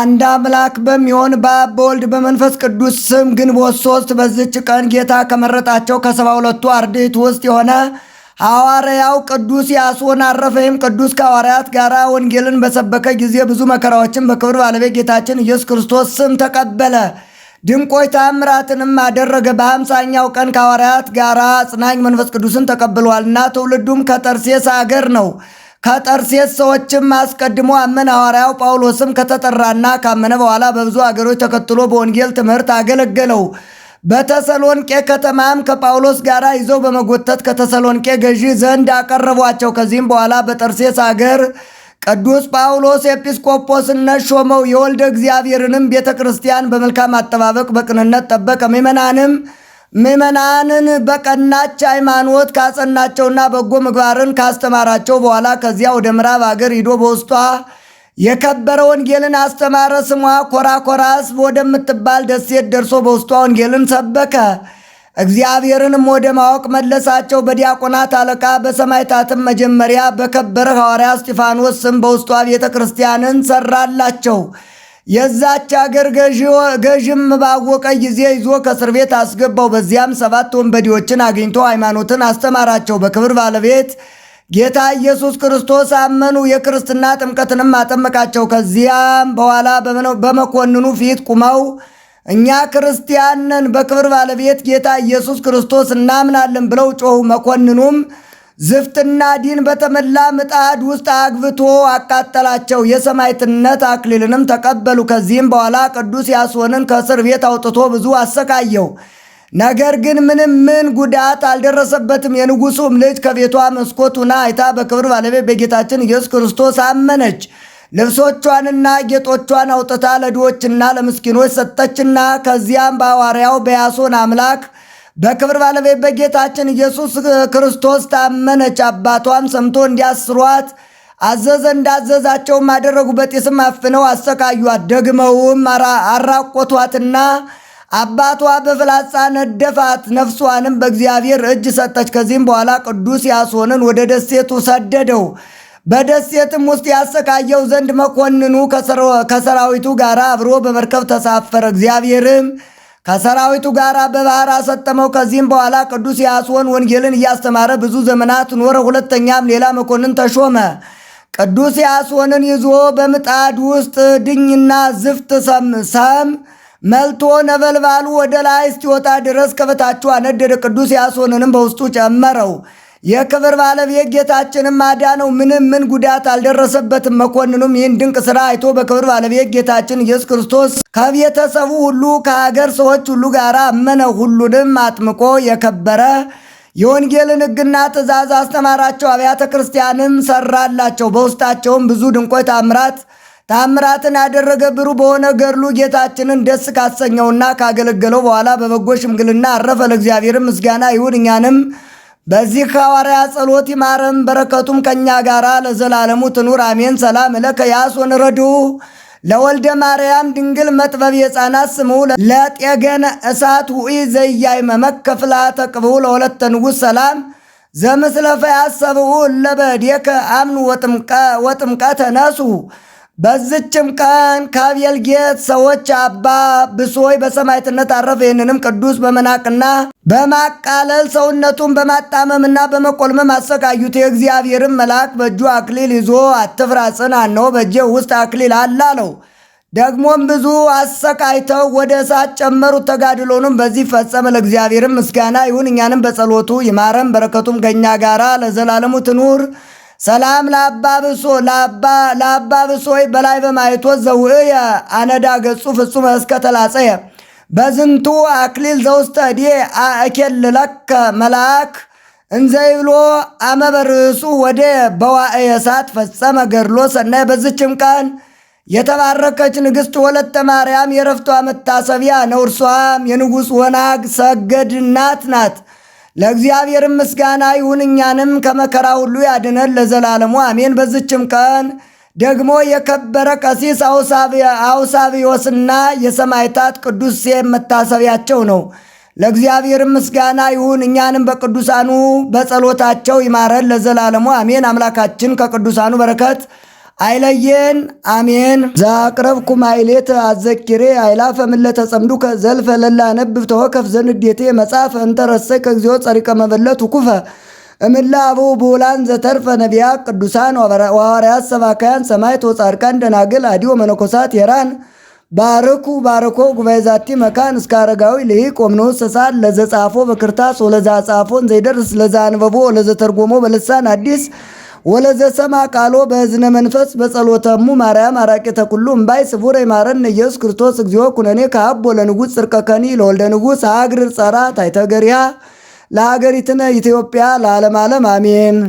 አንድ አምላክ በሚሆን በአብ በወልድ በመንፈስ ቅዱስ ስም ግንቦት ሶስት በዝች ቀን ጌታ ከመረጣቸው ከሰባ ሁለቱ አርድእት ውስጥ የሆነ ሐዋርያው ቅዱስ ያሶን አረፈ። ይህም ቅዱስ ከሐዋርያት ጋር ወንጌልን በሰበከ ጊዜ ብዙ መከራዎችን በክብር ባለቤት ጌታችን ኢየሱስ ክርስቶስ ስም ተቀበለ። ድንቆች ታምራትንም አደረገ። በሀምሳኛው ቀን ከሐዋርያት ጋር አጽናኝ መንፈስ ቅዱስን ተቀብሏልና ትውልዱም ከጠርሴስ አገር ነው። ከጠርሴስ ሰዎችም አስቀድሞ አመነ። ሐዋርያው ጳውሎስም ከተጠራና ካመነ በኋላ በብዙ አገሮች ተከትሎ በወንጌል ትምህርት አገለገለው። በተሰሎንቄ ከተማም ከጳውሎስ ጋር ይዘው በመጎተት ከተሰሎንቄ ገዢ ዘንድ አቀረቧቸው። ከዚህም በኋላ በጠርሴስ አገር ቅዱስ ጳውሎስ ኤጲስቆጶስነት ሾመው። የወልደ እግዚአብሔርንም ቤተ ክርስቲያን በመልካም አጠባበቅ በቅንነት ጠበቀ። ምእመናንም ምእመናንን በቀናች ሃይማኖት ካጸናቸውና በጎ ምግባርን ካስተማራቸው በኋላ ከዚያ ወደ ምዕራብ አገር ሂዶ በውስጧ የከበረ ወንጌልን አስተማረ። ስሟ ኮራኮራስ ወደምትባል ደሴት ደርሶ በውስጧ ወንጌልን ሰበከ። እግዚአብሔርንም ወደ ማወቅ መለሳቸው። በዲያቆናት አለቃ በሰማይታትም መጀመሪያ በከበረ ሐዋርያ እስጢፋኖስ ስም በውስጧ ቤተ ክርስቲያንን ሰራላቸው። የዛች አገር ገዥም ባወቀ ጊዜ ይዞ ከእስር ቤት አስገባው። በዚያም ሰባት ወንበዴዎችን አግኝቶ ሃይማኖትን አስተማራቸው። በክብር ባለቤት ጌታ ኢየሱስ ክርስቶስ አመኑ። የክርስትና ጥምቀትንም አጠመቃቸው። ከዚያም በኋላ በመኮንኑ ፊት ቁመው እኛ ክርስቲያንን በክብር ባለቤት ጌታ ኢየሱስ ክርስቶስ እናምናለን ብለው ጮኹ። መኮንኑም ዝፍትና ዲን በተመላ ምጣድ ውስጥ አግብቶ አቃጠላቸው። የሰማዕትነት አክሊልንም ተቀበሉ። ከዚህም በኋላ ቅዱስ ያስሆንን ከእስር ቤት አውጥቶ ብዙ አሰቃየው። ነገር ግን ምንም ምን ጉዳት አልደረሰበትም። የንጉሱም ልጅ ከቤቷ መስኮት ሁና አይታ በክብር ባለቤት በጌታችን ኢየሱስ ክርስቶስ አመነች። ልብሶቿንና ጌጦቿን አውጥታ ለድዎችና ለምስኪኖች ሰጠችና ከዚያም በሐዋርያው በያሶን አምላክ በክብር ባለቤት በጌታችን ኢየሱስ ክርስቶስ ታመነች። አባቷም ሰምቶ እንዲያስሯት አዘዘ። እንዳዘዛቸው አደረጉ። በጢስም አፍነው አሰቃዩት። ደግመውም አራቆቷትና አባቷ በፍላጻ ነደፋት። ነፍሷንም በእግዚአብሔር እጅ ሰጠች። ከዚህም በኋላ ቅዱስ ያሶንን ወደ ደሴቱ ሰደደው። በደሴትም ውስጥ ያሰቃየው ዘንድ መኮንኑ ከሰራዊቱ ጋር አብሮ በመርከብ ተሳፈረ። እግዚአብሔርም ከሰራዊቱ ጋር በባህር አሰጠመው። ከዚህም በኋላ ቅዱስ ያስሆን ወንጌልን እያስተማረ ብዙ ዘመናት ኖረ። ሁለተኛም ሌላ መኮንን ተሾመ። ቅዱስ ያስሆንን ይዞ በምጣድ ውስጥ ድኝና ዝፍት ሰም መልቶ ነበልባሉ ወደ ላይ እስኪወጣ ድረስ ከበታቹ አነደደ። ቅዱስ ያስሆንንም በውስጡ ጨመረው። የክብር ባለቤት ጌታችንም አዳነው፣ ምንም ምን ጉዳት አልደረሰበትም። መኮንኑም ይህን ድንቅ ስራ አይቶ በክብር ባለቤት ጌታችን ኢየሱስ ክርስቶስ ከቤተሰቡ ሁሉ ከሀገር ሰዎች ሁሉ ጋር አመነ። ሁሉንም አጥምቆ የከበረ የወንጌልን ሕግና ትእዛዝ አስተማራቸው። አብያተ ክርስቲያንም ሰራላቸው። በውስጣቸውም ብዙ ድንቆይ ታምራት ታምራትን ያደረገ ብሩ በሆነ ገድሉ ጌታችንን ደስ ካሰኘውና ካገለገለው በኋላ በበጎ ሽምግልና አረፈ። ለእግዚአብሔርም ምስጋና ይሁን እኛንም በዚህ ሐዋርያ ጸሎት ይማረም በረከቱም ከእኛ ጋራ ለዘላለሙ ትኑር አሜን። ሰላም እለከ ያሶን ረዱ ለወልደ ማርያም ድንግል መጥበብ የጻናት ስሙ ለጤገነ እሳት ውኢ ዘያይ መመከፍላ ተቅቡ ለሁለተ ንጉሥ ሰላም ዘምስለፈ ያሰብኡ እለ በእዴከ አምኑ ወጥምቀ ተነሱ በዝችም ቀን ከአቤል ጌት ሰዎች አባ ብሶይ በሰማይትነት አረፈ። ይህንንም ቅዱስ በመናቅና በማቃለል ሰውነቱን በማጣመምና በመቆልመም አሰቃዩት። የእግዚአብሔርም መልአክ በእጁ አክሊል ይዞ አትፍራ ጽና፣ እነሆ በእጄ ውስጥ አክሊል አለ አለው። ደግሞም ብዙ አሰቃይተው ወደ እሳት ጨመሩት። ተጋድሎንም በዚህ ፈጸመ። ለእግዚአብሔርም ምስጋና ይሁን፣ እኛንም በጸሎቱ ይማረን፣ በረከቱም ከእኛ ጋራ ለዘላለሙ ትኑር ሰላም ለአባ ብሶ ለአባ ብሶይ በላይ በማየቶ ዘውእየ አነዳ ገጹ ፍጹም እስከ ተላጸየ በዝንቱ አክሊል ዘውስተ ዲ አእኬልለከ መልአክ እንዘይብሎ አመበርእሱ ወደ በዋእየ እሳት ፈጸመ ገድሎ ሰናይ። በዝችም ቀን የተባረከች ንግሥት ወለተ ማርያም የረፍቷ መታሰቢያ ነው። እርሷም የንጉሥ ወናግ ሰገድ እናት ናት። ለእግዚአብሔር ምስጋና ይሁን፣ እኛንም ከመከራ ሁሉ ያድነን ለዘላለሙ አሜን። በዝችም ቀን ደግሞ የከበረ ቀሲስ አውሳቢዮስና የሰማይታት ቅዱስ ሴም መታሰቢያቸው ነው። ለእግዚአብሔር ምስጋና ይሁን፣ እኛንም በቅዱሳኑ በጸሎታቸው ይማረን ለዘላለሙ አሜን። አምላካችን ከቅዱሳኑ በረከት አይለየን አሜን። ዛቅረብኩ ማይሌት አዘኪሬ አይላፈ ምለ ተጸምዱከ ዘልፈ ለላ ነብብ ተወከፍ ዘንዴቴ መጽሐፍ እንተረሰ ከእግዚኦ ጸሪቀ መበለት ኩፈ እምላ አቡ ቦላን ዘተርፈ ነቢያ ቅዱሳን ዋዋርያት ሰባካያን ሰማይት ወጻድቃን ደናግል አዲዮ መነኮሳት የራን ባርኩ ባርኮ ጉባኤ ዛቲ መካን እስከ አረጋዊ ልሂቅ ወምንዑስ ሰዓት ለዘጻፎ በክርታስ ወለዛ ጻፎን ዘይደርስ ለዛ አንበቦ ለዘተርጎሞ በልሳን አዲስ ወለዘ ሰማ ቃሎ በእዝነ መንፈስ በጸሎተሙ ማርያም አራቄ ተኩሉ እምባይ ስቡረ ይማረን ኢየሱስ ክርስቶስ እግዚኦ ኩነኔ ከአቦ ለንጉሥ ጽርቀከኒ ለወልደ ንጉሥ አግር ጸራ ታይተገሪያ ለሀገሪትነ ኢትዮጵያ ለዓለም ዓለም አሜን።